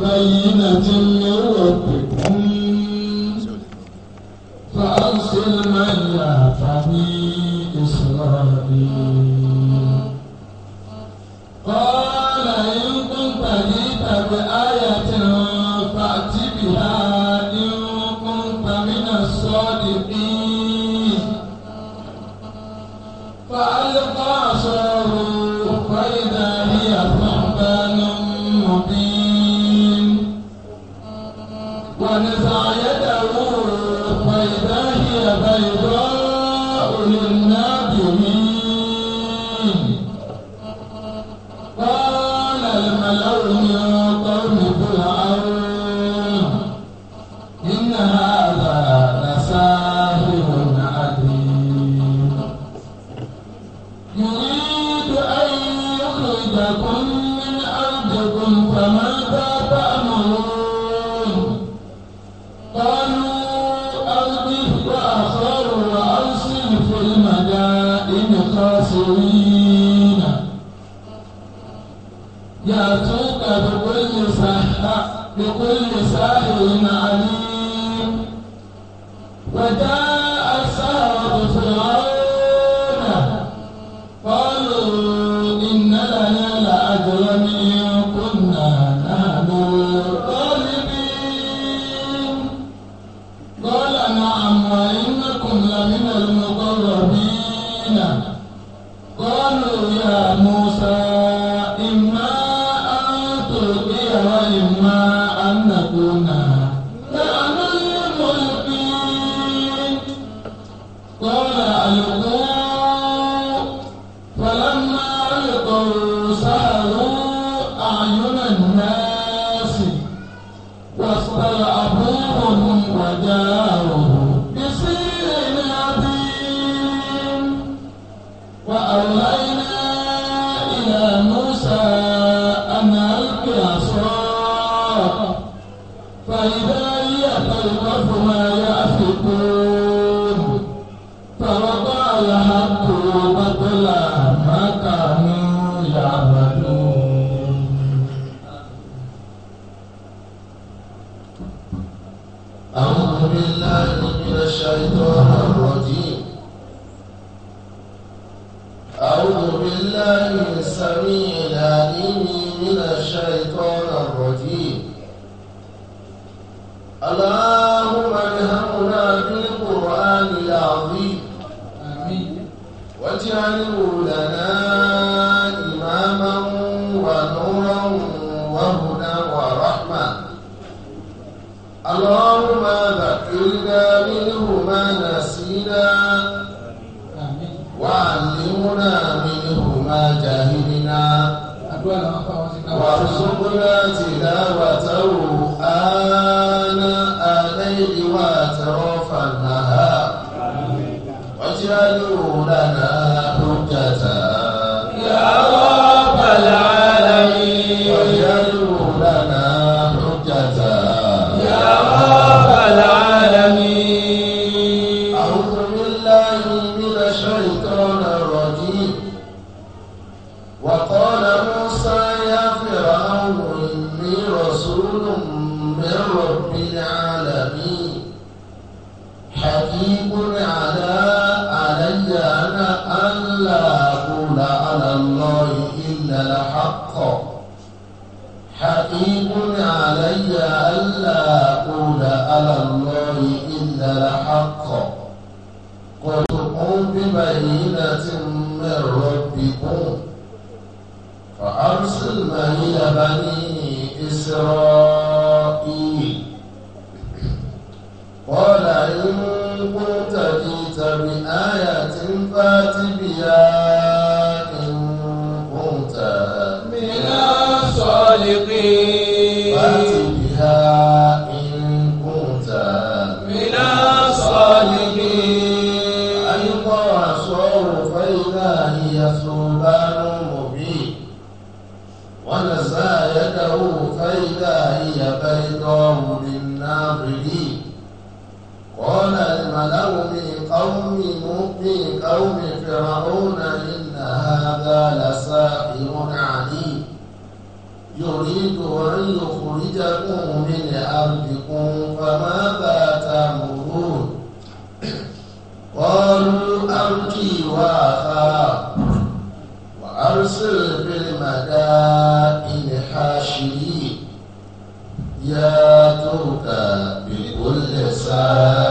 在云南。إما أن نكون يا ترك بكل ساعه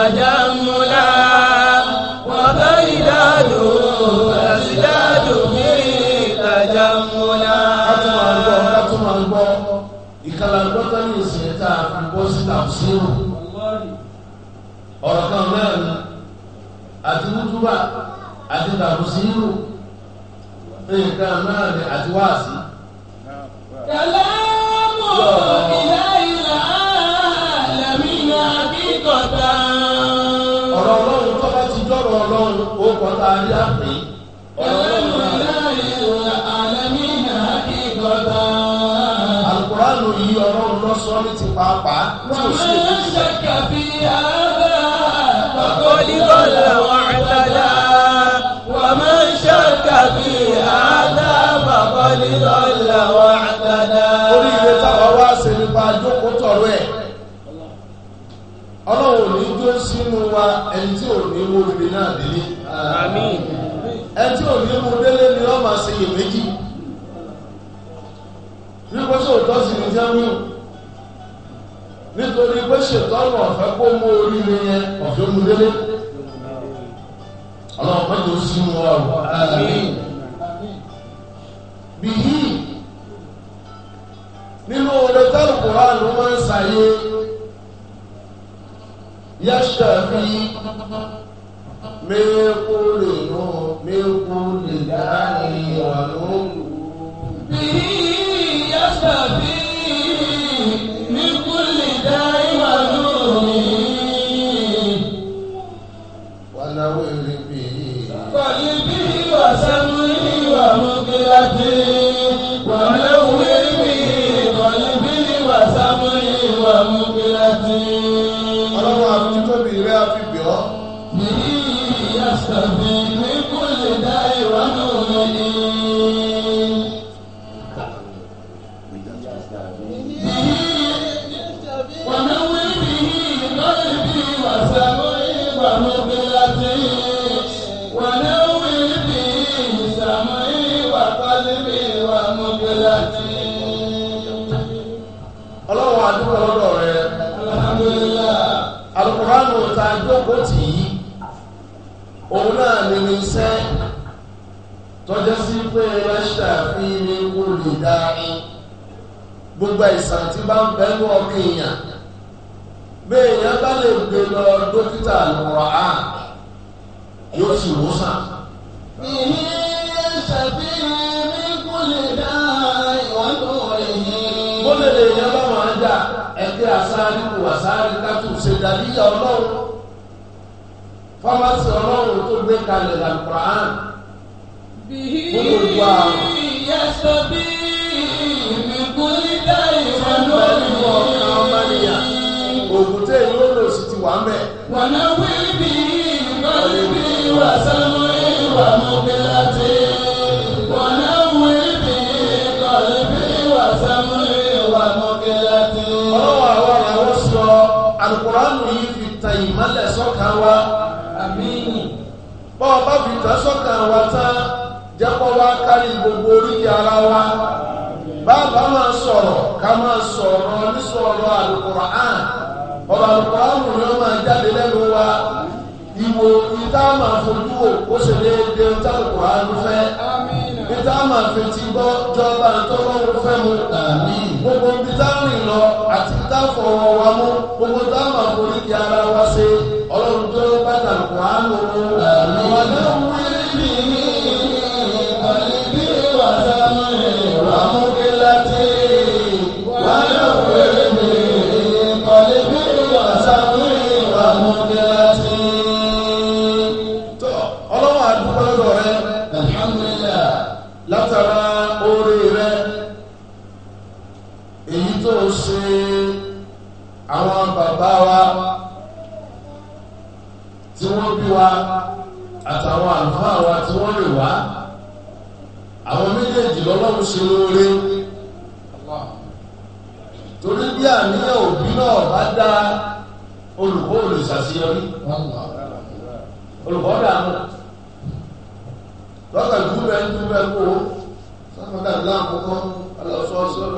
تجملا وبيداد أزداد من تجملا ìkàlàgbọ́ tó ní ìsìn tá a fi bọ́ sí tàbísírù ọ̀rọ̀ kan mẹ́rin àti wútúbà àti tàbísírù nǹkan mẹ́rin àti wáàsí. kàlámù ìlà. kọ́ tá a ní àpín. ọlọ́run aláìlú alámi náà kí gbọ́dọ̀. alukóránù yìí ọlọ́run lọ sọ ní ti pàápàá. wọ́n máa ń ṣàkàbí àbá àkọ́lé bọ́lá wọn àtàlá. wọ́n máa ń ṣàkàbí àbá àkọ́lé bọ́lá wọn àtàlá. orí ìwé táwa wá ṣe nípa jókòó tọ̀rọ̀ ẹ̀ ọlọ́run ò ní dúró sínú wa ẹni tí ò ní wo ibi náà délé àmín ẹ tí ò ní mú délé ni wọ́n máa ṣe iyèméjì nígbà tí òótọ́ sì ní jẹ́mú nítorí pé ṣètò ọ̀nà ọ̀fẹ́ kó mú oríire yẹn ọ̀fẹ́ mú délé ọlọ́run mẹ́jọ sí mú ọ̀rọ̀ àmín bìyí nínú oore tẹ́lù kùránù máa ń ṣàyè yẹ́ṣẹ̀ fi mẹ́kúlè nù mẹ́kúlè dání ọ̀nù. bí yẹ́sà bí. tan ìmọ́lẹ̀ sọ́kàn wa àmín bọ́ọ̀ ọba fi sọ́kàn wa tán jẹ́pọ̀ wá kárí gbogbo ara wa bàbá máa sọ̀rọ̀ ká máa sọ̀rọ̀ nísọ̀rọ̀ Al-Qur'an ọ̀rọ̀ quran ni máa jáde lẹ́nu wa ìwò ìta máa fojú o, ó sì lè dé táwọn níta máa fi ti gbọ́ jọba ìtọ́lọ́wọ́ fẹ́ mu tàbí gbogbo ibi tá a rìn lọ àti tá a fọwọ́ wa mú gbogbo tá máa forí di ara wa ṣe ọlọ́run tó bá tàbí wàá lò ó àwọn ọlọ́run wí. ń ṣe lóore torí bí àníyàn òbí náà bá dá olùkọ́ olùṣàṣeyọrí olùkọ́ dààmú lọ́kàn dúró dúró kó sáfàkà ńlá àkọ́kọ́ alọ́sọ́sọ́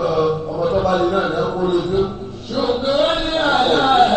ọmọ tó bá lè náà ní ọkọ̀ olè fún. ṣùgbọ́n ní àyà rẹ̀.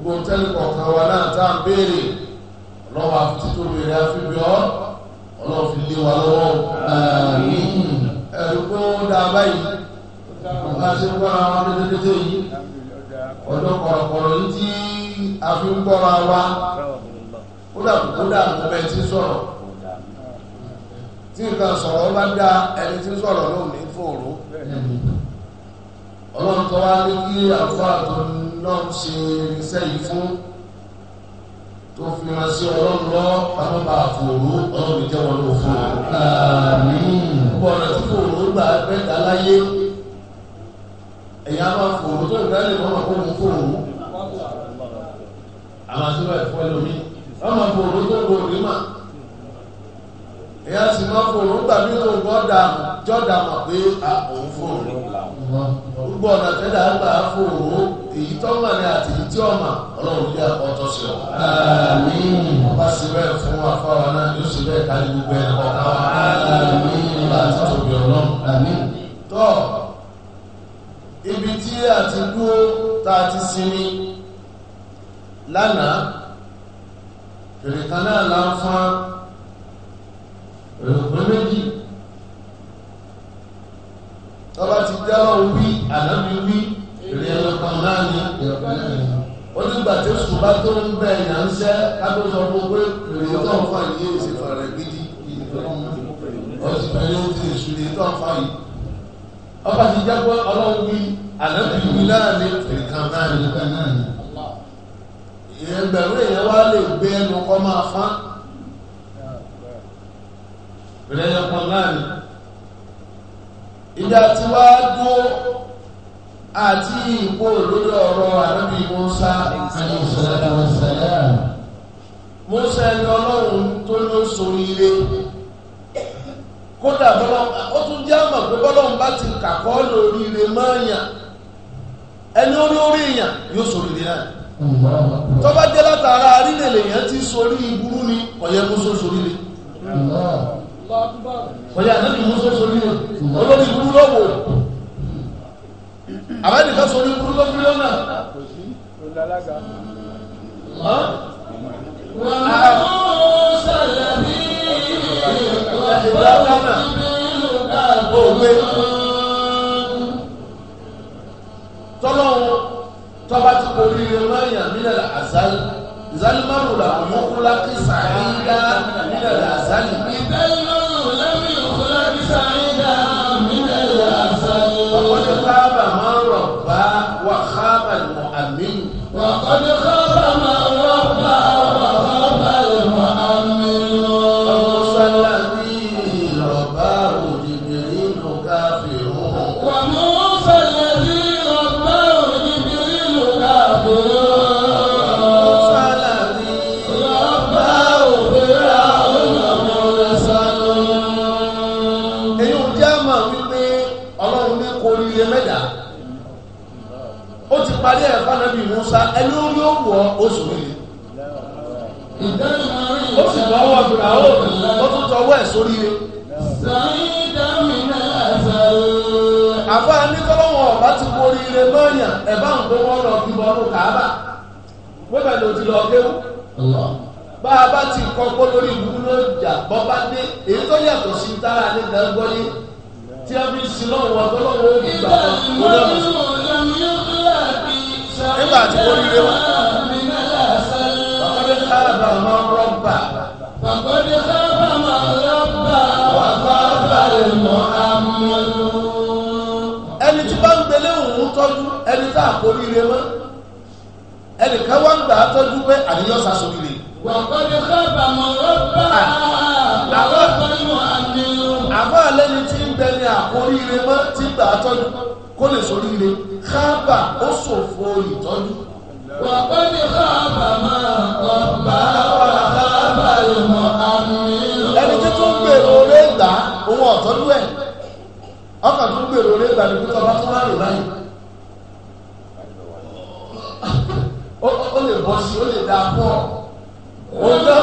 gbogbo tẹ́lẹ̀kọ̀ kan wa náà tá à béèrè ọlọ́wọ́ àti béèrè àfihàn ọlọ́wọ́ fi lé wa lọ́wọ́ ṣe ń gbọ́ra wọn dédédé yìí ọjọ́ kọ̀rọ̀kọ̀rọ̀ tí a fi ń gbọ́ra wa ó dà ti sọ̀rọ̀ tí nǹkan sọ̀rọ̀ bá dá ẹni tí lọ́n ṣe irinṣẹ́ yìí fún tó fi máa ṣe ọlọ́run lọ àwọn bá fòrò ọlọ́run jẹ́ wọn ló fún un. bọ̀dọ̀ tí fòrò gbà bẹ́ẹ̀ta láyé ẹ̀yà máa fòrò tó ìdálẹ̀ wọn máa kó mu fòrò. àwọn àti báyìí fọ́ ẹlòmí wọ́n máa fòrò tó ń gbòòrò mà. ẹ̀yà sì máa fòrò gbàgbé tó ń gbọ́ dààmú jọ́dàmọ̀ pé àwọn fòrò. gbogbo ọ̀nà tẹ́lẹ̀ àgbà fòrò èyí tó mà ní àti èyí tí ó mà ọlọ́run ilé àkọ́tọ̀ sí ọ. àmín bá sí bẹ́ẹ̀ fún afárá náà yóò sì bẹ́ẹ̀ ká ní gbogbo ẹ̀ kọ́. àmín bá ti tóbi ọlọ́run. àmín. tọ́ ibi tí a ti dúró tá a ti sinmi lánàá fèrè kan náà là ń fọ́n èròpé méjì tọ́ba ti dá ọ̀hún wí àná mi wí ìrìnàlọ́kànláàni ìrìnàlọ́kànláàni ó nígbà tí oṣù bá tó ń bẹ̀ ìyà ń sẹ́ agbẹ́sọ̀ gbogbo ìrìnàlọ́ ọ̀fà yìí ó sì fara gidi ọ̀sìn pẹ̀lú ó ti ìṣúlẹ̀ tó ọ̀fà yìí ọba ti jẹ́ pé ọlọ́run wí àlẹ́bí wí láàrin ìkan láàrin ìkan náà ni ẹgbẹ̀rún èèyàn wá lè gbé ẹnu kọ́ máa fán ìrẹ́yẹ̀kan láàrin ìjà tí wá dúró àti ìpò òdodo ọ̀rọ̀ àdóbi Musa àdìsẹ́lẹ̀ Musa ẹni ọlọ́run tó ló sórí ilé kódà bọ́lọ́ ó tún jẹ́ àmọ̀ pé bọ́lọ́run bá ti kàkọ́ lórí ilé mọ́ọ̀yàn ẹni olórí èèyàn yóò sórí ilé náà tó bá jẹ́ látara arílẹ̀ lèèyàn ti sórí ìburú ni ọ̀yẹ́ Musa sórí ilé ọ̀yẹ́ àdóbi Musa sórí ilé olórí ìburú lọ́wọ́ àwọn ẹnìkan sọ ní kúrú lọ́dún mílíọ̀nù ti kò rí ẹ̀rọ àzálì ìzálì márùn la kò yóò kúlá kí sàáyídá mílẹ̀ àzálì. ìzálì márùn la kò yóò kúlá kí sàáyídá mílẹ̀ àzálì. ọ̀pọ̀ ní káàbà وخاب المؤمن وقد خاب من Musa ẹni O yóò wọ̀ oṣù mẹ́rin. ó sì tọwọ́ ọ̀gbìn àwọn ó tún tọwọ́ ẹ̀ sórí rẹ̀. E. àfa nítọ́lọ́wọ́ ọ̀bá ti borí rẹ̀ lọ́yà ẹ̀bá ń gbé wọn lọ bí bọ́ọ̀lù kàábà wíwẹ̀ ló ti lọ géwú. bá a bá ti kọ́ lórí ìlú ló dé èyí tó yàtọ̀ sí tára ní gbàgbọ́ tí a fi sin lọ́wọ́ ọgbọ́n lọ́wọ́ ògbà ọ̀gbọ́n lọ́wọ́ nígbà tí ó ríre wá. Bàbá Dábà máa ń rọ́bà. Bàbá Dábà máa ń rọ́bà. Bàbá Bàlẹ̀ mọ́ àmọ́lò. Ẹni tí bá ń gbélé òun tọ́jú ẹni tá a kò ríre mọ́. Ẹnìkan wá ń gbà á tọ́jú pé àníyàn sá sórí rẹ̀. Bàbá Dábà máa ń rọ́bà. Àwọn ọ̀gbọ́n mọ́ àmì. Àbá àlẹ́ni tí ń bẹ ní àkórí rẹ̀ mọ́ ti gbà á tọ́jú kó lè sórí le káàbà ó ṣòfò ìtọ́jú. wà á pẹ́ ní káàbà máa kọ́ bá wà káàbà lè mọ àmì. ẹni tí tó ń gbèrò orí ìgbà òun ọ̀tọ́jú ẹ̀ ọkàn tó ń gbèrò orí ìgbà ní pípa bá tún láàrin báyìí. ó lè bọ́ sí ó lè dáa pọ̀. ó dá.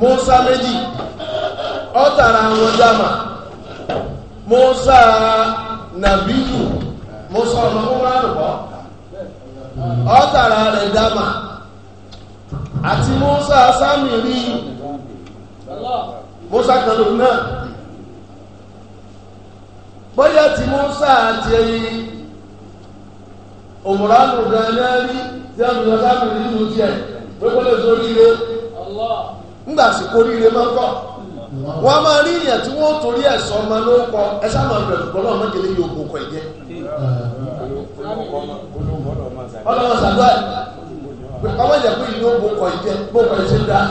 Musa méjì ọ tara àwọn jama Musa n'abiyu Musa ọmọ kúránù ọ tara rẹ̀ jama àti Musa sámìrí Musa kanlò náà bóyá ti Musa àti ẹyin òmùránù gan náà rí tí a ń lọ sámìrí nínú tiẹ̀ ńgbà sí kó ríire máa ń kọ́ wọ́n máa rí ìyàn tí wọ́n torí ẹ̀sọ́ ọmọ ló ń kọ ẹ sáà máa bẹ̀rù gbọ́dọ̀ mọ́jẹ̀lẹ́ yóò kó kọ ìjẹ́ ọlọ́wọ́ sàdúrà ọmọ ìjẹ́ pé ìlú ògbó kọ ìjẹ́ bó kọ ìṣe dáa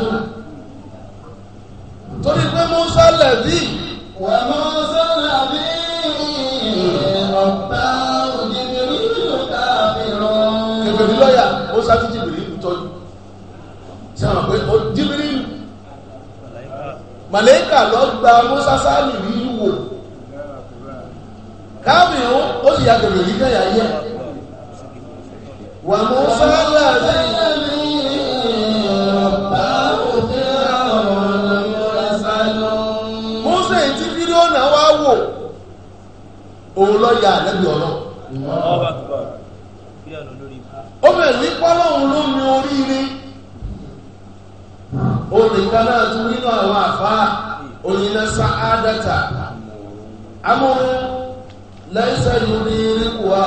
torí pé Musa lẹ̀bí wà Musa lẹ̀bí ọ̀pá òjì mi rí lọ́kà mi rọ̀ ẹgbẹ̀rún lọ́yà Musa ti j màlẹ́kà lọ gba mọ́sásáàlì nínú wò káàmì ó sì yàtọ̀ lòdì náà yẹ wà mọ́sáàlà lẹ́yìn mọ́sẹ̀ tí fílíọ̀nà wá wò òun lọ ya àlẹ́bí ọ̀nà ó bẹ̀rẹ̀ ní pọ́lọ́hún ló mi oríire onìkan náà tún nínú àwọn àfáà oníná sáádàtà amóhun lẹ́sẹ̀ lórí ríkùá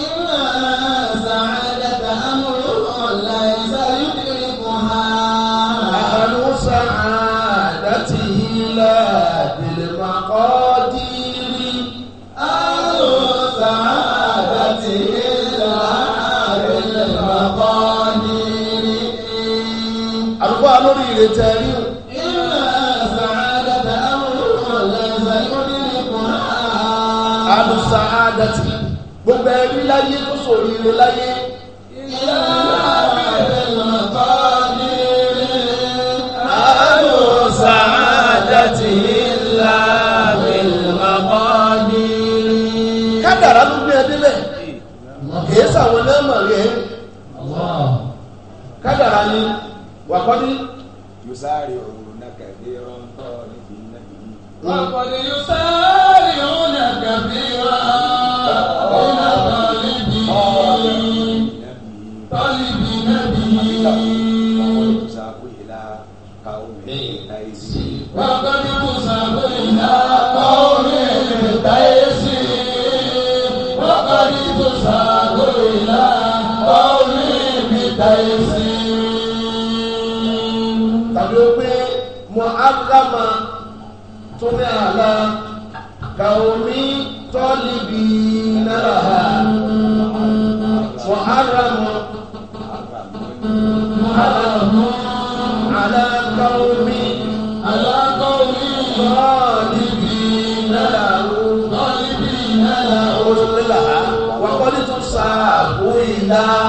ìrìnà lórí ìrètí àrí o. Àlùsà àdàtì gbogbo ẹbí láyé tó sòrò ìrè láyé. Kádàrá ló gbé ẹbí lẹ̀, kìí sàwọn náà mọ̀ rí Kádàrá ni wàkọ́ni. يسارعون كثيرا طالبين به وقد يسارعون كثيرا كوم طالبين لها وحرم حرم على قوم على قوم طالبين له طالبين له وقلت صعب إلى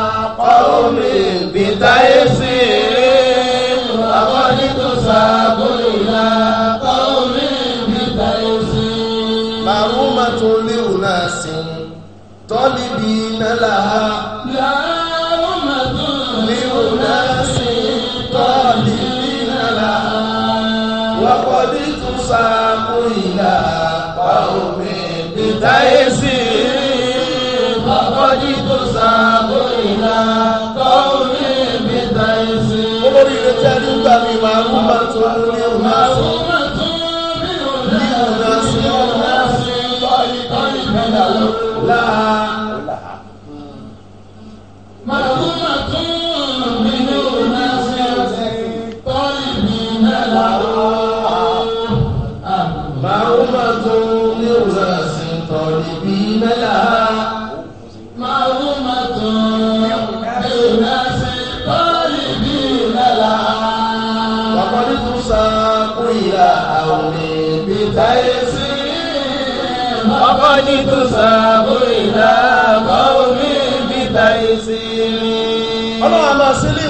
tún léwu náà sìn tọ́lí bí nálà ha. láàárọ̀ máa tún léwu náà sìn tọ́lí bí nálà ha. wọ́pọ̀ ní tún sáàmù ìlà mi máa ń bá tún léwu náà sìn. Allah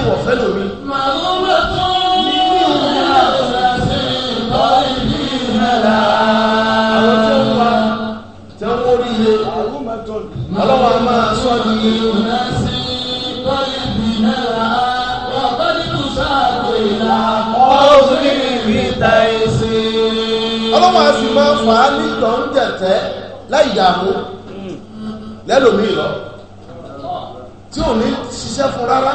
wọ̀ fẹ́ lómi. màlúwẹ̀ tó ní ìlànà ṣe ìtọ́ ìlú ìmẹ́ra. àwọn tí ó wá tí ó mórí ilé ọlọ́wọ́ a máa sọ ní ìlànà ṣe ìtọ́ ìlú ìmẹ́ra. ọ̀pẹ́ ní kùsàkó ìlà ọ̀hún ní sì máa fà á nítọ̀ ń jẹ̀tẹ́ láì yàgò tí ò ní ṣiṣẹ́ fún rárá.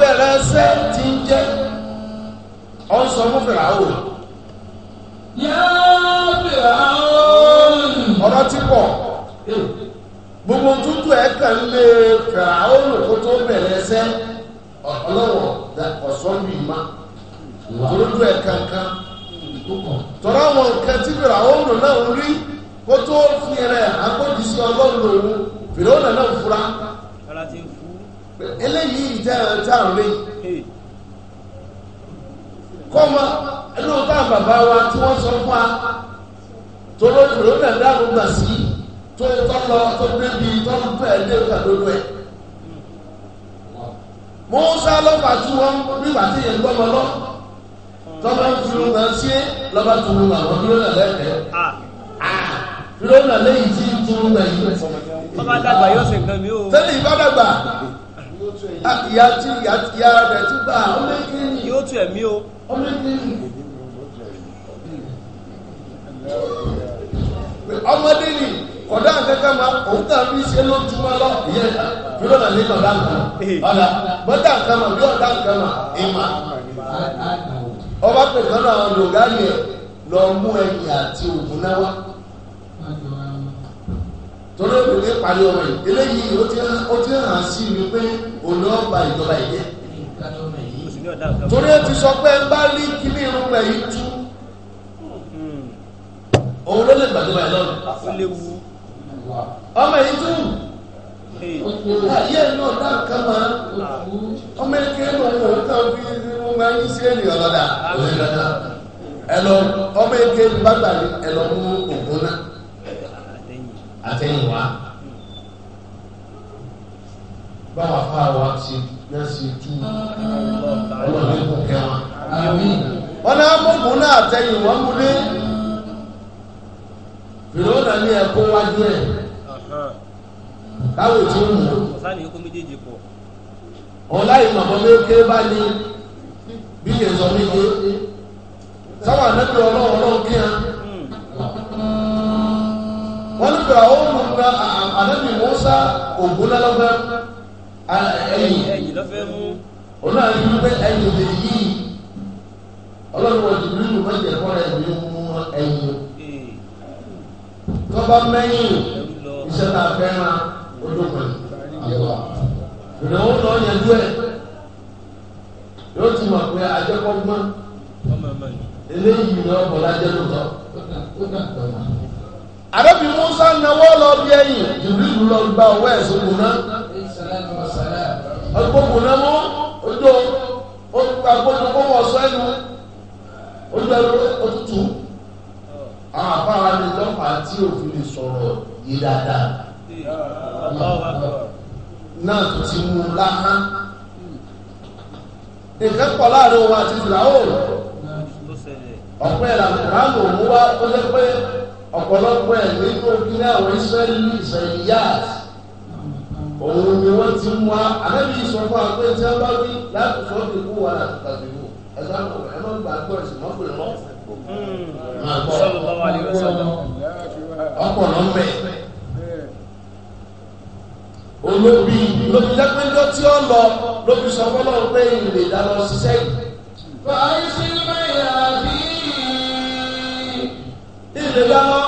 bẹ̀rẹ̀ ṣẹ́ ti ń jẹ́ ọ ń sọ fún fìràwò. yá fìràwò. ọ̀rọ̀ ti pọ̀ gbogbo tútù ẹ̀ kàn lé fìràwò kó tó bẹ̀rẹ̀ ṣẹ́ ọlọ́wọ̀ ọ̀sọ́nù ìmá tòlójú ẹ̀ kankan tọ́lá àwọn nǹkan tí fìràwò náà ń rí kó tó fi rẹ̀ agbódìsí ọlọ́run lòun fìràwò náà fura eléyìí ìjẹun tí a ń rí kọ́mọ ẹnu bá bàbá wa tí wọ́n sọ fún wa tó ló ló nà dáàbò gbà sí tó tọ́ lọ tó débi tó ń pẹ́ ẹ́ débi àdódó ẹ̀. Mọ́sá lọ́pàá tí wọ́n nígbà tí yẹn gbọ́mọ lọ tọ́lá ń fi ohun kan sí lọ́ba tó ń gbà wọ́n lónà lẹ́ẹ̀kẹ́ lónà lẹ́yìn tí ń tún gbà yìí. Bàbá dàgbà yóò ṣe nǹkan mi o. Tẹ́lẹ̀ ìbá dàgbà. Ah, ìyá tí ìyá rẹ̀ ti bá ọmọ ẹgbẹ́ ni yóò tù ẹ̀mí o ọmọ ẹgbẹ́ ni ọmọdé ni kọ̀dá àkẹ́kẹ́ máa òun kàn bí ṣe ló túmọ̀ lọ ìyẹn yóò nà ní kọ̀dá nǹkan ọ̀dà bọ́dà nǹkan mà bí ọ̀dà nǹkan mà ìmà ọba pẹ̀lú àwọn lògánì ẹ̀ lọ mú ẹ̀yìn àti ògùn náà wá torí obìnrin parí ọmọ yìí eléyìí ó ti hàn sí mi pé òun náà ba ìjọba ìjẹ torí ó ti sọ pé ń bá rí kíní irun pẹ̀ yìí tú òun ló lè gbàjọba ẹ̀ lọ́rùn ọmọ yìí tú ayé náà dá nǹkan máa ọmọ ẹgbẹ́ náà wọ́n kàn fi wọ́n máa ń sí ènìyàn lọ́dà ẹ lọ ọmọ ẹgbẹ́ bá gbà ẹ lọ mú òkú náà. àtẹ̀yìnwá báwa fáwa ṣe náà ṣe tú ọlọ́run kò kẹ́ wọn. náà mọ̀kún náà àtẹ̀yìnwá múlé na ní ẹ̀kọ́ wájú ẹ̀ láwọn ètò ìmọ̀. ọ̀sán ni ọ̀la ké bá ní bí yẹn sọ mí ké wọ́n ní o àwọn ọmọ ọmọ ànábì Mùsá ògùn lọ́lọ́fẹ́ ẹ̀yìn ọ̀nà àti wípé ẹ̀yìn òde yìí ọlọ́run wọ̀ jù nínú mẹ́jẹ̀ kọ́ ẹ̀yìn mú ẹ̀yìn tọ́ba mẹ́yìn iṣẹ́ ta fẹ́ràn olóògbé àgbà ìnáwó náà yẹn dúẹ̀ yóò ti mọ̀ pé ajẹ́kọ́gbọ́n eléyìí ni ọkọ̀ lájẹ́ lóòótọ́. àdọ́bí musa náwó lọ ẹ̀yìn lọ gba ọwọ́ ẹ̀ náà ọgbọ́kùn náà mú ojú agbójú ojú àwọn afárá tí òfin sọ̀rọ̀ dáadáa náà tó ti mú un láhá pọ̀ láàrin òun àti ọ̀pẹ́ ìlànà ìlànà òun wá ó lé pé. ọ̀pọ̀lọpọ̀ ẹ̀ nínú kíní àwọn israẹli israeliyat òun ni wọ́n ti mú wa àbẹ́bí sọ fún wa pé tí wọ́n bá wí láti sọ ọ́ kó wà láti tàbí wò ẹ bá wọ ẹ má gbà gbọ́ ẹ̀sìn má pè mọ́. ọpọlọ ń bẹ olóbi lóbi lẹ́pẹ́jọ́ tí ó lọ lóbi sọ fọ́lọ́ pé ìrèdà lọ ṣiṣẹ́ yìí. lè lọ́wọ́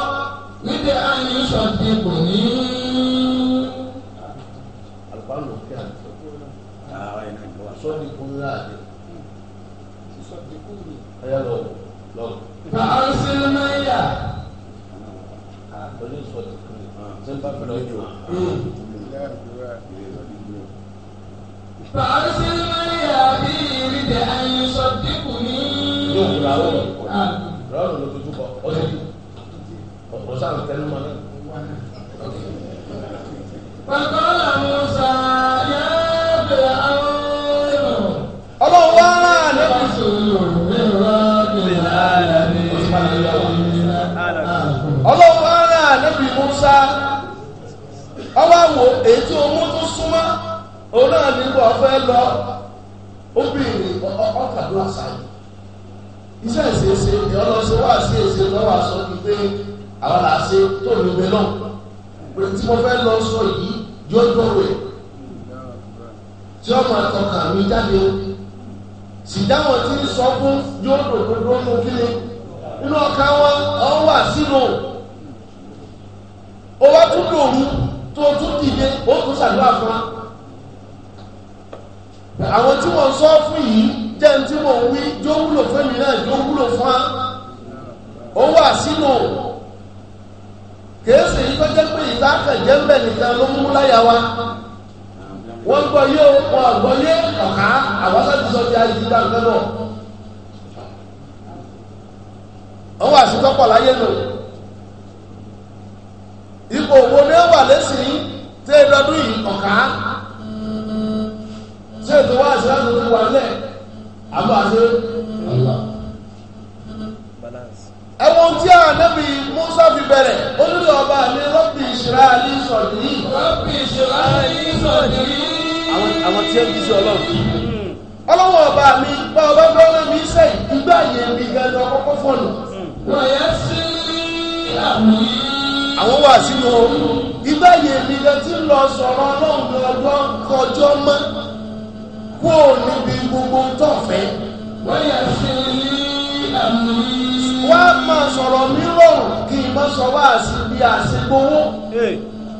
níbi àyè ìṣọ̀dì kò ní. alùpàlù kí a sọ́dí kúrú láàdé. sọ́dí kúrú. ọ̀yà lọ lọ. ká a ń sin náírà. olú sọ́dí kúrú. sẹ́ńtà fẹ́rẹ̀ ọjọ́. فأرسل معي أبي يريد أن يصدقني. wọ́n sáà ń tẹnu mọ́ Musa yá bẹ̀rẹ̀ àwọn ẹ̀rọ. Ọlọ́run wá rán àná. Ọlọ́run wá rán ànábì Musa. Ọwọ́ àwò èyí tí owó tó súnmọ́, òun àwọn àṣẹ tó ní ibẹ̀ náà pé tí mo fẹ́ lọ sọ yìí yóò tó wẹ̀ tí ọmọ àtọkà mi jáde o sì dáwọn tí ń sọ fún yóò tó gbogbo mú kí ni inú ọkà wọn ọ̀hún wà sínú o wá tún lòrú tó tún dìde ó tún ṣàdúrà fún wa àwọn tí wọ́n sọ fún yìí jẹ́ tí wọ́n wí jó wúlò fún mi náà jó wúlò fún wa ó wà sínú kèésì yìí tó jẹ́ pé ìta kẹ̀jẹ́ ń bẹ̀ nìkan ló mú láyà wa wọ́n gbọ́ yé o wọ́n gbọ́ yé ọ̀ká àwọn sọ́ọ́ ti sọ di ayé dídá nǹkan náà wọ́n wà sí tọ́pọ̀ láyé lò ipò wo ni ó wà lẹ́sìn tí ẹ lọ́dún yìí ọ̀ká ṣé ètò wá àṣírí àti òkú wa lẹ̀ àbọ̀ àṣírí ẹ̀wọ̀n tí ànábì Musa fi bẹ̀rẹ̀ olùdó ọba mi rọ́bì ìṣirà ní sọ̀dí. rọ́bì ìṣirà ní sọ̀dí. àwọn tí ó ń jíṣẹ́ ọlọ́run. ọlọ́wọ́ ọba mi bá ọba bá ọba mi sẹ́yìn ìgbà yẹn mi gẹ́gẹ́ ọkọ̀ fọ́ọ̀nù. wọ̀nyẹ́ sí àmì. àwọn wà sínú ìgbà yẹn mi gẹ́gẹ́ tí ń lọ sọ̀rọ̀ ọlọ́run lọ́jọ́ kọjọ́ mọ́ kó o níbi gbogbo tọ̀fẹ́. wọ́n yẹ sí ní wá máa sọ̀rọ̀ ní rọrùn kí n sọ wá sí bí a ṣe gbowó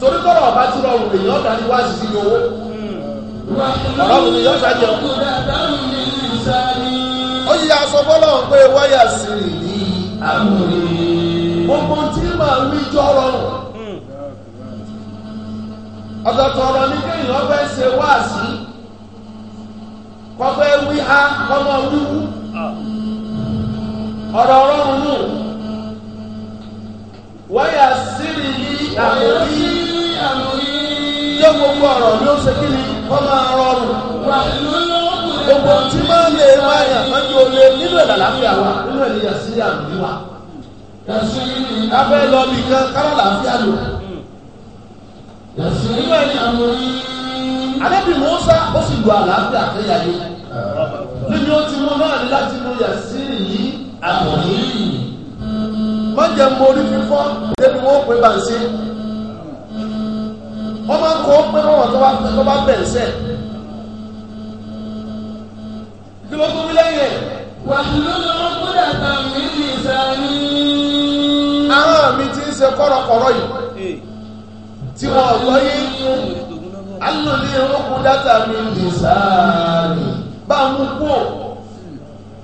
torí tọ́rọ̀ ọba ti rọrùn èèyàn dání wá sí iye owó ọlọ́run ni yóò ṣàjọ. ó yí aṣọ bọ́lọ́run wáyà sí i gbogbo tí màá jọ rọrùn ọ̀tọ̀ọ̀tọ̀ ọ̀rọ̀ ní kéèyàn fẹ́ ṣe wá sí kọ́fẹ́ ha kọ́mọ wíwú. ọ̀rọ̀ ọlọ́run nù wáyà sírì ní àmúrí jẹ́ gbogbo ọ̀rọ̀ ló ṣe kí ni wọ́n máa rọrùn gbogbo tí máa lè máa yàn máa ju olè nínú ẹ̀dà láfíà wa nínú ẹ̀dà sírì àmúrí wa káfẹ́ lọ nìkan kálá làáfíà lò nínú ẹ̀dà àmúrí àdébì Mùsá ó sì lu àlàáfíà àtẹ́yàyé nínú ó ti mú náà láti mú yà sírì yìí àmọ̀lú má jẹ́ mórí fífọ́ débi wọ́n pè bá ń ṣe wọ́n máa kọ́ pé wọ́n tó bá bẹ̀ ń sẹ̀ kí ló tó bí lẹ́yìn ẹ̀. wàhálà lọ́wọ́ kúrò àtàwọn ìlú ìsàlẹ̀. àwọn mi ti ń ṣe kọ́rọ̀kọ́rọ̀ yìí tí wọ́n lọ yí alùpùpù dátà mi lè sáà ní bá a mú kú ò.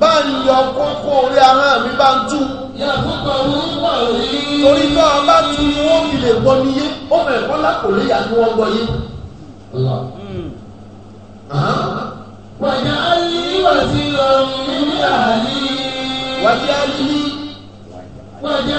bá ń yọ kókó orí ahọ́n mi bá ń tú. torí tó a bá ni wọ́n fi lè gbọ́ ní yé ó mọ̀ ẹ̀kọ́ lákòlè yà ni wọ́n gbọ́ yé. wàjà ní àlè. wàjà wàjà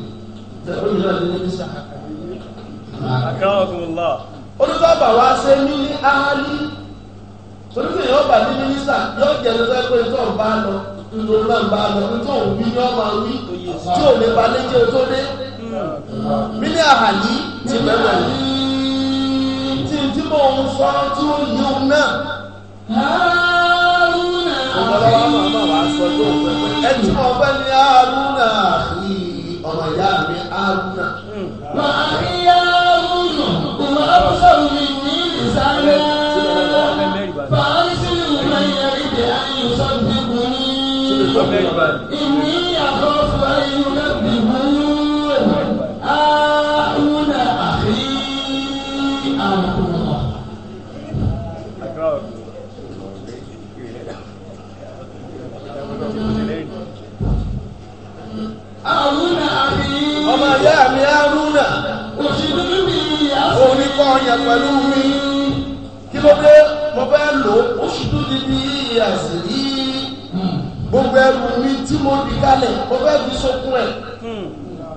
olùdókòwò wa ṣe ní áálí olùdókòwò yóò bá ní mínísítà yóò jẹ lọ́sẹ̀ pé tó ń bá lọ ndo ń bá lọ tó ń wí ní ọmọ wí tí ò lè ba léjé tó dé mílí àhàlí ti bẹ̀rẹ̀ tí tí mò ń sọ tí ó yí òun náà. Ọ̀pọ̀lọpọ̀ àwọn ọmọ wa sọ pé ẹ̀tí ọ̀pẹ ni àrùn náà yìí ọmọ ìyá mi Haruna. Mà hmm. á yá Haruna, ìmọ̀ abúsọ̀rù mi ní ìsáré. Bàálí sí ìwé yẹn ìdè ayé sọ́dún fún mi. Ìmí yẹn pẹ̀lú mi kí ló dé mo fẹ́ lò ó ṣubú di bí àṣírí gbogbo ẹrù mi tí mo di kalẹ̀ mo fẹ́ fi sókun ẹ̀.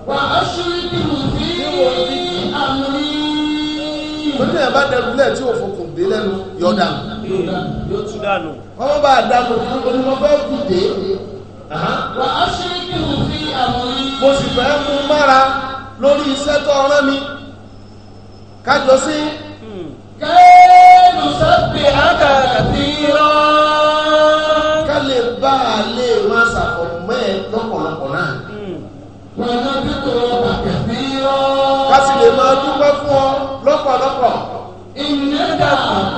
wà á ṣírí bí mo fi wò ní àmì. oní ẹ̀ bá dẹrù lẹ̀ tí òfokùn dé lẹ́nu yọ dànù. yóò tún dànù. wọ́n bá dànù fún onímọ̀fẹ́ kù dé. wà á ṣírí bí mo fi àmì. mo sì fẹ́ mú mára lórí iṣẹ́ tó rán mi ká si, sí. Hmm. kẹ́ẹ̀lù sábẹ̀ àkàkà tí rọ́. ká lè bá a lè máa ṣàfọ̀mọ́ ẹ lọ́pọ̀lọpọ̀ náà. pẹ̀lú títọ́ bàtà tí rọ́. ká sì lè máa dúpẹ́ fún ọ lọ́pọ̀lọpọ̀. ìnẹ́ta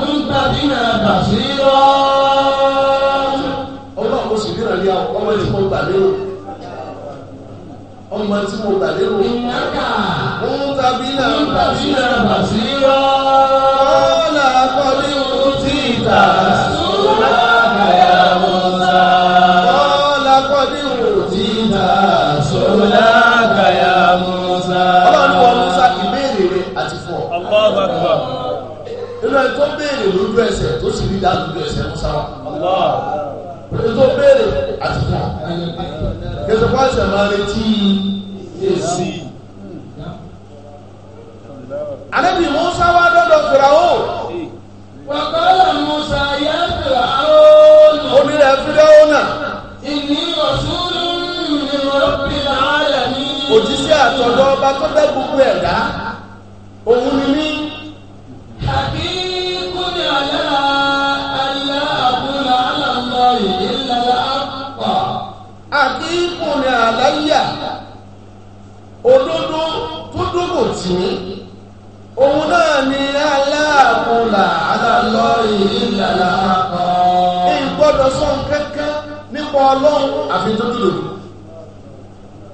ń tàbí náà bàṣírọ́. ọlọ́run sì ríran ní ọmọ ìfọ̀gbà lérò ọmọ tí mo gbà lérò. ìnáka. ń tàbí náà bàtí náà bàtí rọ. ọ̀la kọ́lé ohun tí ìta. sùúrà kàyà musa ìbéèrè rẹ àti fún ọ. Allahu Akbar. inú ẹ tó béèrè lójú musa Allah. ètò béèrè àti fún ọ. kẹsàn máa retí. Ànábì Musa wá dọ́dọ̀ Fìràwó. Wàkọ́lá Musa yá Fìràwó. Onírẹ̀ Fìràwó náà. Ìní ọ̀sùnú ni Rọ́bì Láàlẹ̀ ní. Òjíṣẹ́ àtọ̀dọ̀ ọba tó bẹ́ gbogbo ẹ̀dá. Òun ni mí. mùsùlùmí òun náà ni aláàkúnlà alálọ́ ìlàlá akọ. ní gbọ́dọ̀ sọ kẹ́kẹ́ nípa ọlọ́run àfi tó dúró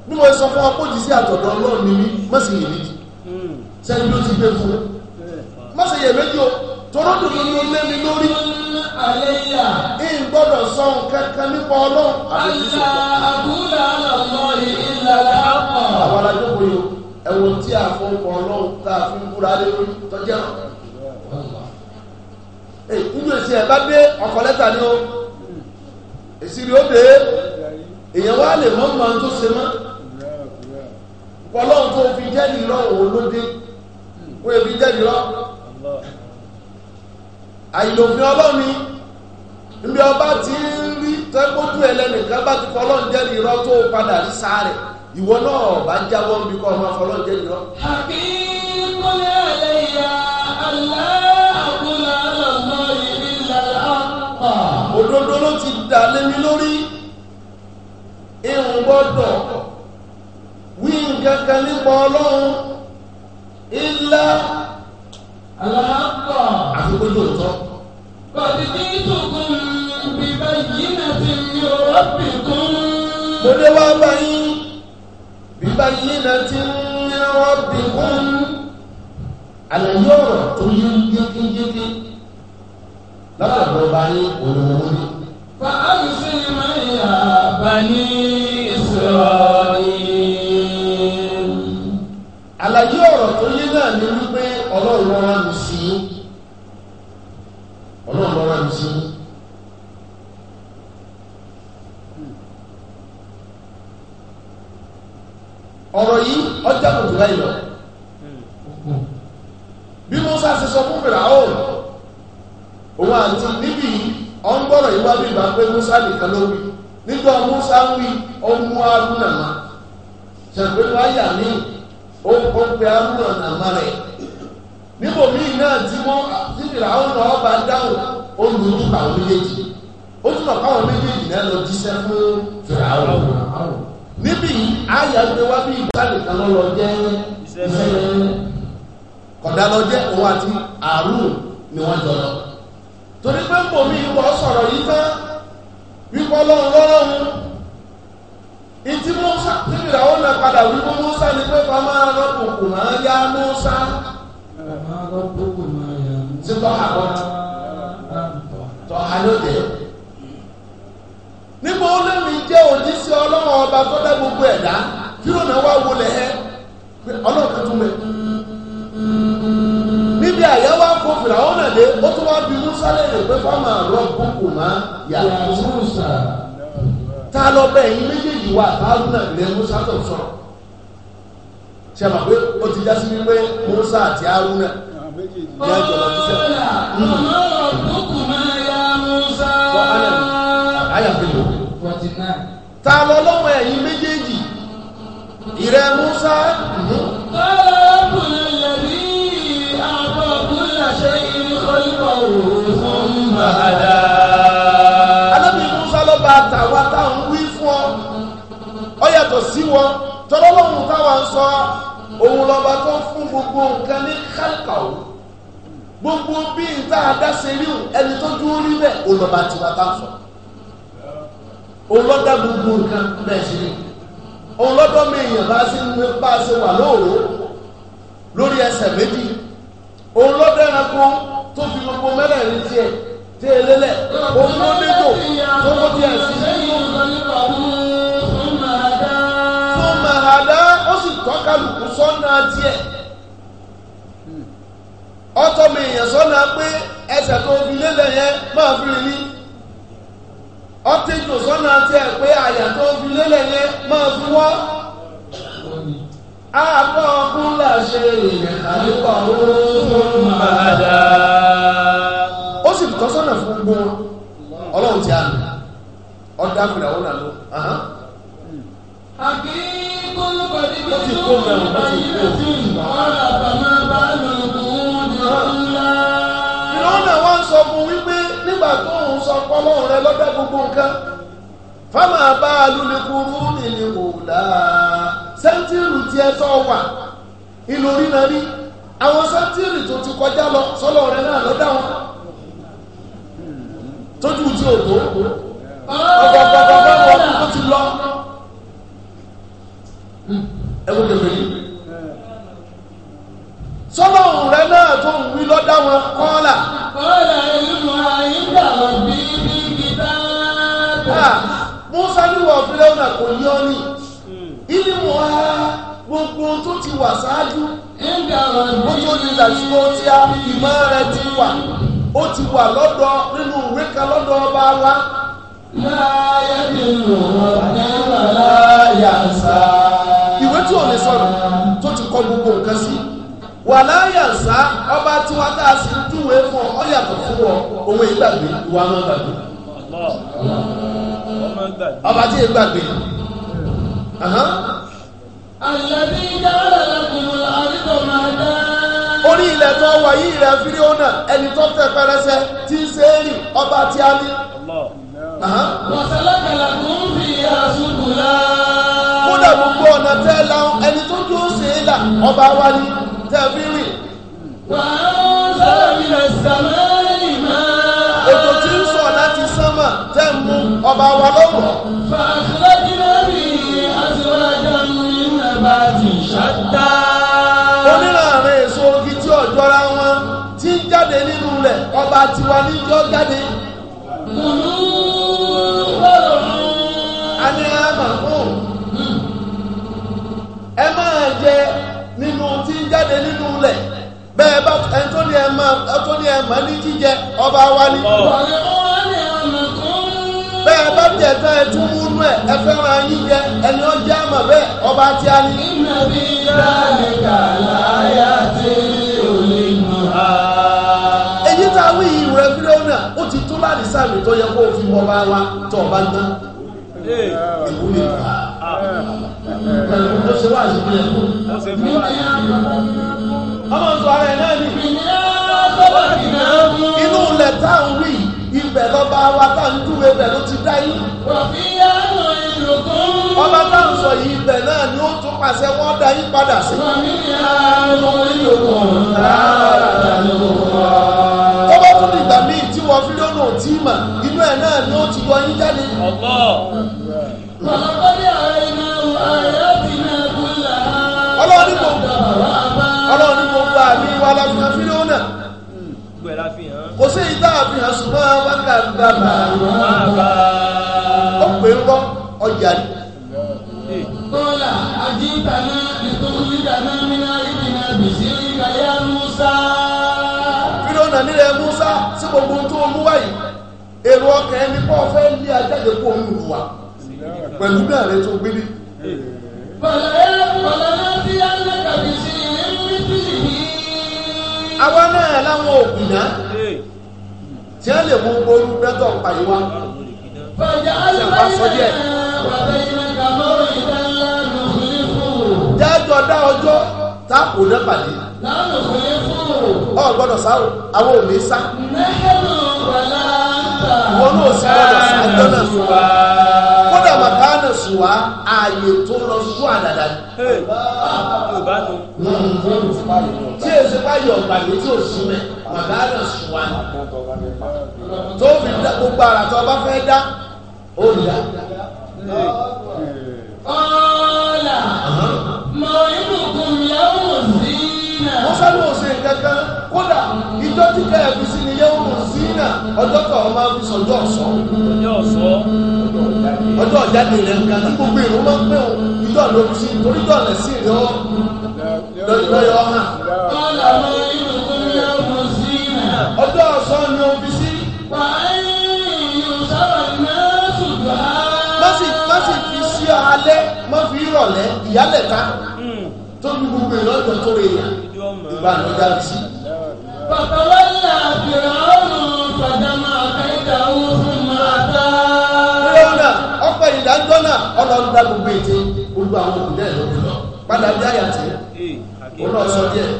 bí mo sọ fún ọpọ́jì sí àtọ̀dọ̀ ọlọ́run ni mí má sì yè méjì sẹ́ni ló ti gbé fún mi má sì yè méjì o tọ́rọ́ dùn mí ló lé mi lórí. àlẹ́yà. ní gbọ́dọ̀ sọ kẹ́kẹ́ nípa ọlọ́run àfi tó dúró. àlà àbúlà àlọ́ ìlàlá akọ. àwọn alájọ́ kò yọ. ẹ̀wọ̀n tí àfọwọ́kọ ọlọ́run tá a fi ń búra lé lórí tọ́jà nínú èsì ẹ bá dé ọkọ̀ ni o? èsì rí ó dé èèyàn wá lè mọ? mọ́ tó ṣe tó fi jẹ́ nìlọ òun ló dé jẹ́ ọba ti ń rí tẹ́gbójú ti tó padà ìwọ náà bá jáwọ́ níbi kọ́ ọmọ afọlọ́jẹ́ nìyọ. àbí kọ́lé ẹ̀lẹ́ ìyá aláàbùlà lọ́nà ìrìnlá àpà. òdodo ló ti dà lé mi lórí irun gbọ́dọ̀ wí nǹkan nípa ọlọ́run ilá aláàpà. àfikún lóòótọ́. kọ̀dí kí tòkun bíbá yìí náà ti yọ ọ́ bìkún. mo dé wá báyìí. ببينة من ربكم àlàyé ọ̀rọ̀ tó yé yékéyéké lọ́dọ̀ bá yín olówó ni. fàámi sí ni máa bani Israel. àlàyé ọ̀rọ̀ tó náà ni wípé ọlọ́run wọn lù sí. Ọrọ yìí ọjà kò jù lọ bí Musa ṣe sọ fún fìràwọ òun àti níbi ọ̀n gbọ́rọ̀ yìí ìgbà pé Musa nìkan ló wí nígbà Musa wí ọmú arúnà má ṣàgbé wáyà ní ó pe arúnà nàmá rẹ níbo míì náà tí wọn náà ọba dáhùn méjèèjì ó tún lọ káwọn méjèèjì níbi àyàgbé wá bí ìgbàlè kan lọ jẹ́ kọ̀dá lọ jẹ́ òun àti àrùn ni wọ́n jọ lọ torí pé mbòmí ìwọ sọ̀rọ̀ yìí tán wípọ́ lọ́run lọ́rùn ìtí Musa níbi ìràwọ̀ náà padà wípé Musa ni pé kọ́ máa rọ́pò kò máa yá Musa ṣe tọ́ àbọ̀ tọ́ àlóde. nígbà olómi jẹ́ òjíṣẹ́ ọlọ́run ọba tó dá gbogbo ẹ̀dá fírònà wá wọlé ẹ ọlọ́run tó tún níbi àyẹ̀ ya kó fìlà ó tún wá bí musa léèrè pé fáwọn àrùn ọkùnkùn yà tá a lọ bẹ ẹyin méjèèjì musa tó sọ̀rọ̀. musa àti aruna ta lọ́lọ́run ẹ̀yin méjèèjì ìrẹ Musa nù. ọlọ́kùnrin mhm. lẹ́bí àbọ̀kùn làṣẹ ìlú kọ́lùkọ́ òun fún màdá. alábì Musa ló bá tàwa táwọn wí fún ọ ọ yàtọ̀ sí wọn tọ́lọ́lọ́run táwa ń sọ òun lọ́ba tó fún gbogbo nǹkan ní kálkà gbogbo bí n tá a dá ṣe rí o ẹni tó dúró rí bẹ́ẹ̀ olùbàdàn ti wá tá a sọ̀rọ̀. òun gbogbo nǹkan bẹ́ẹ̀ sí ni òun lọ́dọ́ bá sí ní bá a wà lóòró lórí ẹsẹ̀ méjì tó fi gbogbo mẹ́rẹ̀ẹ̀rin tiẹ̀ tí elélẹ̀ òun ló dẹ́tò tó kó tiẹ̀ sí. tó màhàdá ó sì sọ́nà tiẹ̀ sọ́nà pé ẹsẹ̀ tó fi lélẹ̀ yẹn ọ́ptíkù sọ́nà tí ẹ̀ pé àyà tó fi lélẹ̀ yẹn máa fi wọ́ àbọ̀ kúlà ṣe àyíkọ̀ oòrùn máa dá ó sì tọ́ sọ́nà fún gbogbo ọlọ́run ti àmì ọ̀dá fìlà ó nà ló ìlú náà wá sọ fún wípé nígbà tó ń sọ pọ́lọ́run rẹ lọ́dọ̀ gbogbo nǹkan fáwọn abáàlú lè kúrú nílé wòlá sẹ́ńtírì tí ẹ tọ́ wà ìlórí náà rí àwọn sẹ́ńtírì tó ti kọjá lọ sọ́lọ́ rẹ náà lọ́dà wọn tójú tí ò tó ọgbàgbàgbà ọdún tó ti lọ ẹwọ́n tẹ̀lé yìí sọ́lọ́run rẹ náà tó ń wí lọ́dá wọn kọ́ọ́là. kọ́ọ́là ìlú wa yín dà wọ́n bí. fìràwùnà Mùsá níwọ̀ fìràwùnà kò yí ní hmm. ilé á gbogbo tó a ìmọ̀ rẹ̀ ti wà ó ti wà lọ́dọ̀ nínú ìwé kan lọ́dọ̀ ọba wa. gbogbo nǹkan sí. wà ọba tí wọ́n dá ọ yàtọ̀ fún ọ òun ìgbàgbé ìwà náà ọba tí ì gbàgbé. àlàbí dáhàlà lọ́kùnrin àríkọ̀ máa dá. orí ilẹ̀ tó wà yí ilẹ̀ fíríọ́nà ẹni tó tẹ̀ pẹrẹsẹ tí ń ṣe é rìn ọba tí a ní. wàsálàkàlà kò fi àṣùkù lá. kódà gbogbo ọ̀nà tẹ́ láwọn ẹni tó dúró ṣe é là ọba wa ní tẹ́ fi rìn. wàá ń sọ̀rọ̀ ìrẹsì àmọ́ ìmọ̀ ọba wa lọ́wọ́. fàṣẹ́jì lórí aṣọ́jà nínú ẹ̀bá ti ṣàtà. èso ogi tí ọ̀jọ́ra wọn ti ń jáde nínú rẹ̀ ọba tiwa níjọ́ jáde. kùnú bọ̀rọ̀ mú. a ní àmàkùn. ẹ máa jẹ nínú tí ń jáde nínú rẹ̀ bẹ́ẹ̀ bá ẹni tó ní ẹ máa ní jíjẹ ọba wa ní. bẹ́ẹ̀ bá tẹ̀ fẹ́ tún múnú ẹ̀ ẹ fẹ́ràn yín jẹ ẹni ó jẹ́ ọba tí a ní. nínú bí dáàlì kàlá yá ti òní á. èyí tá a wí ìwúrẹ́ fílẹ́ọ̀nà ó ti tó láàrin sáàmì tó ọba ń tán. ìwúlẹ̀ ṣe ọmọ sọ ara ẹ̀ náà ni. inú wí ibẹ̀ lọ́ba wa tá ń dúwe ibẹ̀ ló ti dá yín. rọ̀fíà lọ ìlú kan. ọba tá ń sọ yìí ibẹ̀ náà ni ó tún pàṣẹ wọ́n dá yín padà sí. rọ̀fíà lọ ìlú kan rárá ló tún ìgbà míì tí wọ́n fi lónà tí mà inú ẹ̀ náà ni ó ti yọ yín jáde. ọ̀pọ̀. ọ̀lọ́kọ́lé ààrẹ náà ààrẹ ti náà ọlọ́run ní gbogbo àmì wa fi lónà. sí ìdá àfihàn súnmọ́ wákà ń bá bàbá ó pè ń ọjà ni. kọ́lá àjíǹtàná nítorí nígbàná nínú ìdìnnà bìsí ìkàlẹ́ Musa. fílọ́nà nílẹ̀ Musa sí gbogbo tó mú wáyé èrò ọkàn ẹni pọ́ fẹ́ lé ajáde kó ń lù wá pẹ̀lú náà rẹ tó gbélé. bọ̀lá bọ̀lá náà ti yá ní kàbìsí ìrírí tìlì àwa náà òkùnà. tí a lè mú olú bẹ́tọ̀ ń pàyí wá. Bàjẹ́ aláìlẹ̀ bàbá iná kàmọ́rọ̀ ìdánlá ló fi fún. Jẹ́jọ́ dá ọjọ́ tá kò dá pàdé. Ọ gbọ́dọ̀ sá àwọn ò sá. Nẹ́ẹ̀lú wà láńtà. Wọ́n náà sì sá ti wá ààyè tó lọ sún àdàdà tí èsì báyìí ọ̀gbàgbé tí ò sún mẹ́ màgàdà sùn wá ní. tó fi gbogbo ara tó bá fẹ́ dá ó dá. ọ̀la mọ̀ inú kùn yẹ́wò sí náà. wọ́n sábà ò ṣe nǹkan kan kódà ìjọ tí bẹ́ẹ̀ fi sí ni yẹ́wò sínà ọjọ́ tó àwọn máa ń fi sọjọ́ ọ̀sọ́. ọjọ́ ọ̀sọ́. ọjọ́ ọ̀jáde rẹ̀ nǹkan tí gbogbo èrò máa ń pẹ́ o ìjọ ló fi sí torí ìjọ rẹ̀ sí ìrọ̀ lọ́yọ̀ hàn. ọjọ́ ọ̀sọ́ ni o fi sí. má sì má sì fi sí alẹ́ má fi rọ̀lẹ́ ìyálẹ̀ta hmm. tó ní gbogbo ìrọ̀jọ̀ tó rẹ̀ yà ìgbà ló dá sí i. فتولى فرعون فجمع كيده ثم أتى. fírónà ọ̀pọ̀ ìdájọ́ náà ọlọ́run dá gbogbo ète gbogbo àwọn òkúta ẹ̀ lọ́dún lọ padà bí àyàtì ó lọ sọ díẹ̀.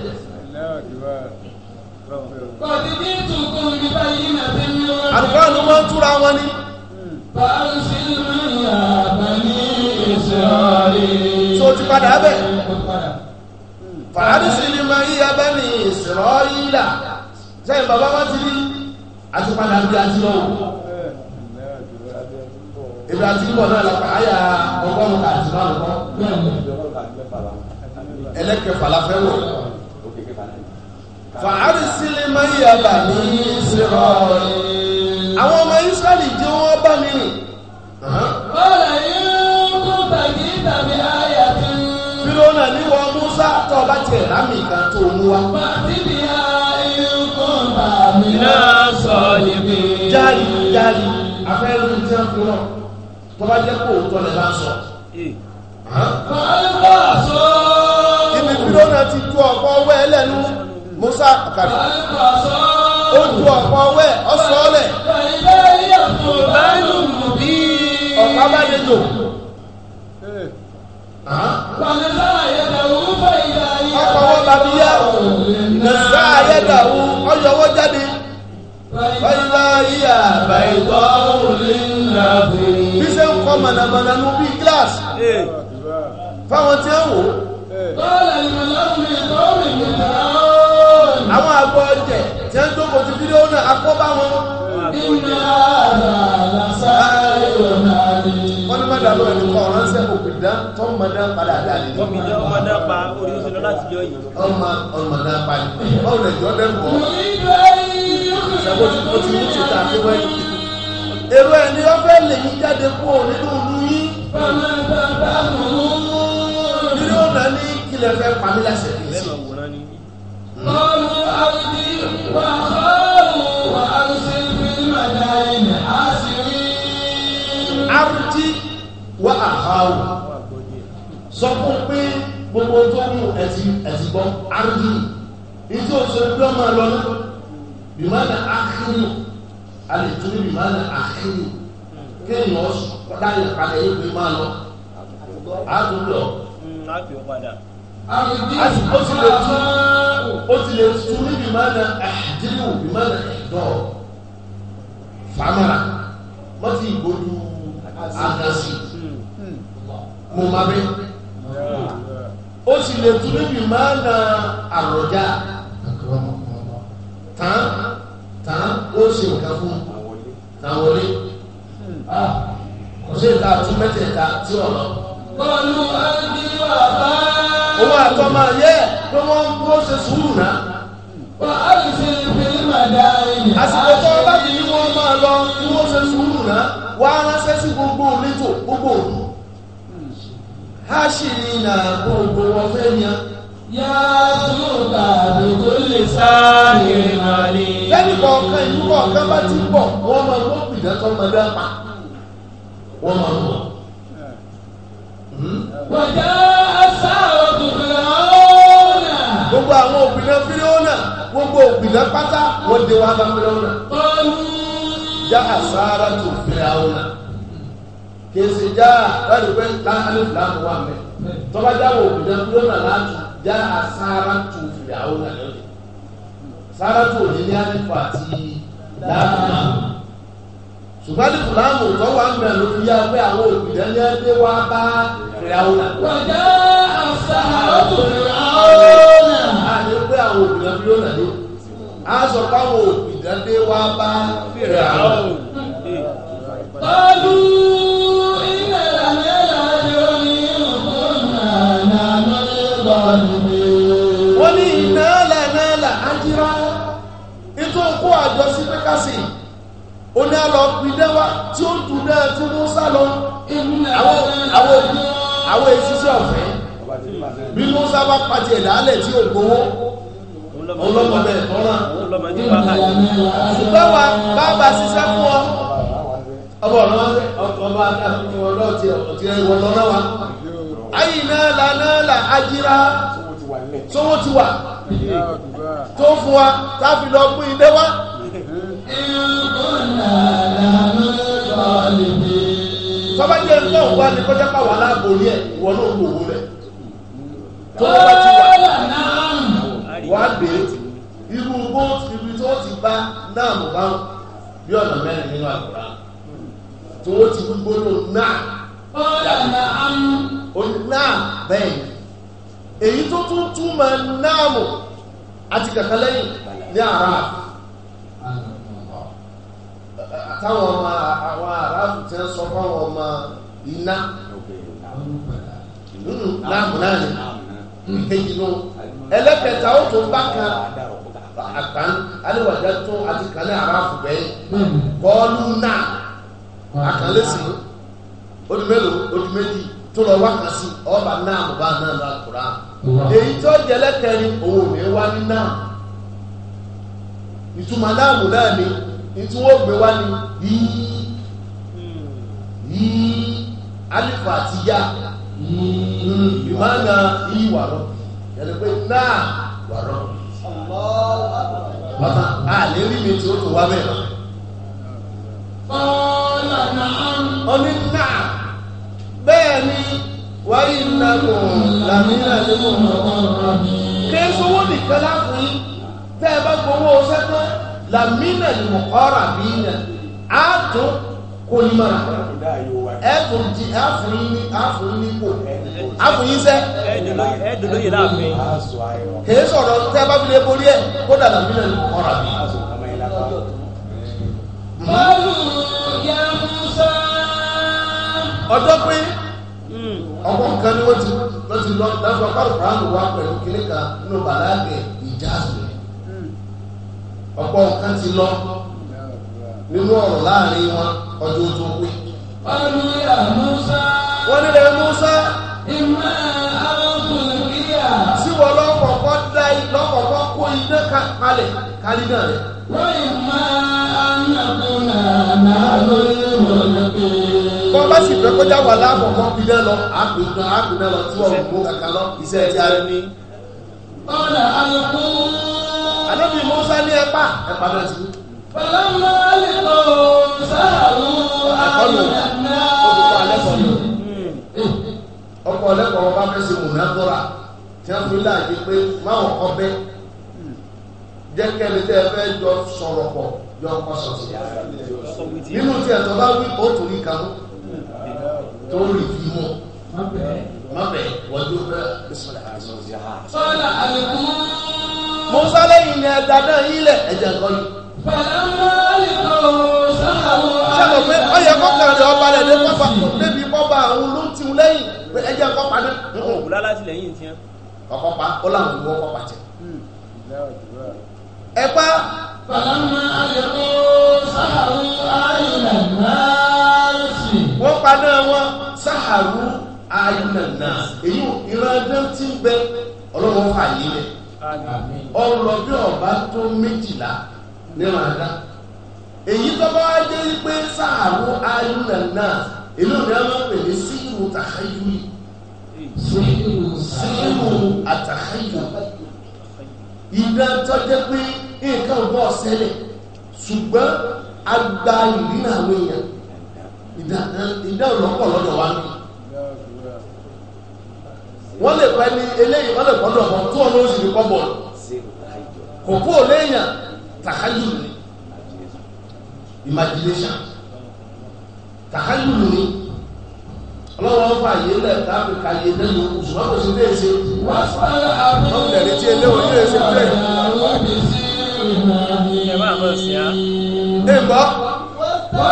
kọ̀dídì tuntun ní báyìí nàbí mi wá. àlùfáà ló máa ń túra wọn ní. báyìí sí ní àbáyé ìṣòro. tó ti padà bẹ́ẹ̀ fàárísì ni máa yíya bá ní ìsìnrọ́ yíyà sẹ́yìn bàbá wọn ti rí àtúpadà bí a ti lọ wò ìgbà tí ń bọ̀ náà lápá àyà ọgọ́rùn-ún àti márùn-ún ẹlẹ́kẹfà la fẹ́ wọ̀ fàárísì ni máa yíya bá ní ìsìnrọ́ àwọn ọmọ Ísírẹ́lì jẹ́ wọ́n bá mi rìn. bọ́ọ̀lù yìí ń kú tàbí tàbí bá bá tiẹ̀ rámì kan tó mú wa. bàtíbi ayélujára bàmí náà sọ níbi. jáde jáde afẹ́rẹ́ ti ń kúrọ̀ tó bá jẹ́ kó o tọ́ bá sọ. bàbá sọ. ibi bílọ́nà ti tú ọ̀pọ̀ wẹ́ẹ́ lẹ́nu Musa kàdé. bàbá sọ. ó tú ọ̀pọ̀ wẹ́ẹ́ ọ̀sọ́ lẹ̀. bàbá yàtọ̀ bá lù mú bí. ọ̀pá bá lè lò. Wàmíláyà làwọn bá ìlà fọwọ́ babíyá nàṣà ayẹ́dàwó ọ̀yọ́wọ́ jáde. Fẹ́lá yíyà bàìtọ́ òlìńdà fún. Bí ṣe ń kọ́ mànàmáná nú bíi gíláàsì. Fáwọn tí ń wò. Bọ́ọ̀lù ìrìnàlọ́wọ́ ìtọ́rì mi náà. Àwọn àgbọ̀ ọ̀jẹ̀ tí ń dókòtì fídíò náà akọ́ bá wọn. Ìgbà àlàlà sáré lálọ́ ẹni kọ́ ránṣẹ́ òpìdán tó mọ̀dá padà dáadé. òpìdán ọmọdá pa orí oṣù lọ láti yọ yìí. ọmọ ọmọdá pa ni ọ̀rọ̀ ẹ̀jọ́ dẹ́kọ̀. ṣàbọ̀ tí mo ti mú ti ta àti wẹ́ẹ̀. èrò ẹni wọ́n fẹ́ lè yí jáde kú ò nínú ìlú yín. nínú ọ̀nà ní kílẹ̀ fẹ́ pàmí láṣẹ kìí sí. ọ̀rọ̀ àwùjọ wà á rùn wà á rùn sí fílmù àdáyé wá àháwò sọ fún pé gbogbo tó mú ẹ̀tì ẹ̀tìgbọ́n ángìlì ìtí ó sọ pé ọmọ lọ ní bìmánà ákìlì alètò ní bìmánà ákìlì kéèyàn dáyà padà yìí pé máa lọ àdúgbò ó sì lè tú ó sì lè tú ní bìmánà àdínù bìmánà ẹ̀dọ́ fàmàrà wọ́n ti ìgbódú àgàsì mo máa o si sì lè tún níbi máa na àròjà tán tán o si nǹkan fún tán wọlé kò sí ìta tún mẹ́tẹ̀ẹ̀ta tí ọ̀rọ̀. bọ́ọ̀lù àdìwà bá. owó àtọ́ máa yẹ pé wọ́n ń bó ṣe sùúrù náà. wọ́n á lè ṣe ìpele màdá ẹ̀yìn. àsìkò tó bá ti ní wọ́n máa lọ ni wọ́n ṣe sùúrù náà. wàá ránṣẹ́ sí gbogbo oníjò gbogbo òní káṣìrìnà gbogbo wọn fẹ́ yan. yá túnbà ní kó lè sáré màlẹ́. lẹ́nu kọ̀ọ̀kan ìlú kọ̀ọ̀kan bá ti bọ̀ wọ́n máa ń gbọ́ ìdájọ́ máa dá pa wọ́n máa ń bọ̀. wàjà sáà tuntun ọ̀nà. gbogbo àwọn òpìlẹ̀ fílíọ̀nà gbogbo òpìlẹ̀ pátá wọ́n dé wá bá fílíọ̀nà. ọ̀nù. já àsáárá tó fílíọ̀nà kèsì já láti pé ká alifilaamu wà mẹ tọ́ba já wò òkúta kúrò náà láti já asára tu fìlà àwọn náà lọ́dẹ sára tu òní ní alifu àti láàmú ṣùgbọ́n alifu láàmú tó wà ń bẹ̀rù lórí yá pé àwọn òkúta ní ẹgbẹ́ wa bá fìlà àwọn náà. wàjá asára tu fìlà àwọn náà. a ní pé àwọn òkúta kúrò náà lọ́dẹ a sọ pé àwọn òkúta dé wa bá fìlà àwọn. Tọ́lú. kásì oní àlọ́ tí ó dùn náà tí wọ́n sá lọ àwọn èsìsẹ́ ọ̀fẹ́ bí wọ́n sá pàtí pàtì tí ó gbowó ọlọ́mọ bẹ́ẹ̀ ṣùgbọ́n wa bá ṣiṣẹ́ fún tọ́ba jẹ́ ń lọ́wọ́ wá ní kọjá pàwọ́ aláàbò orí ẹ̀ ìwọ náà ń gbòòwò rẹ̀ tọ́ba bá ti wà wá gbé irú bó ibi tó ti bá náà mú bá bí ọ̀nà mẹ́rin nínú àgbà tó ti gbóná náà náà bẹ́ẹ̀ èyí tó tún túmọ̀ náà mọ̀ àti kàkà lẹ́yìn ní àrà àfi. àtàwọn ọmọ àwọn aráàlú tẹ́ sọ fáwọn ọmọ iná láàmù náà ni èyí nù ẹlẹ́kẹta ó tún bá kan àgbà aléwàjá tún àti kàlẹ́ aráàlú bẹ́ẹ̀ bọ́ọ̀lù náà àkàlẹ́sì ó mélòó ó méjì tó lọ sí ọba náà bá náà lọ àkùrá èyí tó jẹlẹkẹrin òun ò ní wá ìtú wọ́n gbé wá ní yìí yìí àti ya ìmáàna yìí wà rọ yẹlẹ pé náà wà rọ bàtà àlè rí mi tí tó wá bẹ́ẹ̀ ni wáyé ìnáwó làmínà lé mọ̀ ọ́n. Kí ẹ sọ wọ́n nìkan láàfin tẹ́ ẹ bá gbowó lamina mọ̀kọ́rabina á a kó yín mọ́ra ẹ tún di àfòyín ní àfòyín ní kò àfòyín sẹ́. ẹ dòdò yìí láàfin. kèé sọ̀rọ̀ tẹ́ bá fi lè borí ẹ̀ kó dà lamina ni ti lọ nínú ìjà ọ̀pọ̀ nǹkan ti lọ nínú ọ̀rọ̀ láàrin wọn ọjọ́ tó pé. wọ́n nílẹ̀ Musa. ìmọ̀ arákùnrin kíyà. síwọ lọ́kọ̀ọ̀kọ́ dá lọ́kọ̀ọ̀kọ́ kó iná kalẹ̀ kálí náà rẹ̀. wọ́n ìmọ̀ anákùnrin náà lórí ìrọ̀lẹ́pẹ̀. bọ́n bá sì fẹ́ kọjá wà láàbọ̀kọ́ bí lọ àpèkàn àpèkàn lọ tí wọ́n mú kàkà lọ iṣẹ́ tí a ní. ọ̀rẹ́ àlùkò ànábì Mùsá ní ẹ̀pà ẹ̀pà náà ti wú. pẹ̀lẹ́mọ́ àlejò sáàrù àmàlà ọkọ̀ alẹ́kọ̀ọ́ ni ọkọ̀ alẹ́kọ̀ọ́ bá fẹ́ ṣe mùnàdọ́rà tí wọ́n fi láàyè pé máwọn ọbẹ̀ jẹ́ kẹ́ni tẹ́ ẹ fẹ́ jọ sọ̀rọ̀ pọ̀ yọ ọkọ̀ sọ̀tì. nínú tí ẹ̀tọ́ bá wí ó torí kanú tó rí fi mọ́ mọ́bẹ̀ wọ́n tó fẹ́ sọ̀rọ̀ àlùkò musa lẹ́yìn ni ẹ̀dá náà yín lẹ̀ ẹ̀jẹ̀ kọ́ yìí. fàlámà ìlú sáwọn. sábà pé ọyẹ kọkànlẹ̀ ọba rẹ̀ lé pápá débi pápá àwọn olóńtì lẹ́yìn pé ẹ̀jẹ̀ kọ́ padà. wọn ò lálá sí lẹ́yìn tiẹ̀. ọkọ pa ó làwọn ìwọ ọkọ pàtẹ. Hmm. ẹ pa. fàlámà ìlú sáwọn ayọ̀lẹ̀ náà sì. wọ́n padà wọn sáhàrú ayọ̀lẹ̀ náà èyí ìrandán ń bẹ ọlọ́wọ́ fà yí lẹ̀ ọ̀rọ̀ bí ọba tó méjìlá nínú àdá èyí tó bá wá dé pé sáàrù ayúnà náà èlò ní ọmọ pè ní síhìrù tàkáyúrì síhìrù àtàkáyúrì ìdán tó jẹ́ pé nǹkan bọ́ ṣẹlẹ̀ ṣùgbọ́n agba ìrìnà àwọn èèyàn ìdá ọ̀lọ́pọ̀ lọ́dọ̀ wa nù wọ́n lè pẹ́ ní eléyìí wọ́n lè pọ́ lọ́pọ̀ tó ọ̀nà ó sì fi kò kó léèyàn tàkájù ni imagination tàkájù ni ọlọ́wọ́ ń fààyè lẹ̀ káàpì káyé lẹ́nu ṣùgbọ́n kò sí lè ṣe wọ́n tẹ̀lé tí eléwọ̀ ní lè ṣe fẹ́ ẹ̀ bá mọ̀ sí á. ẹ gbọ́.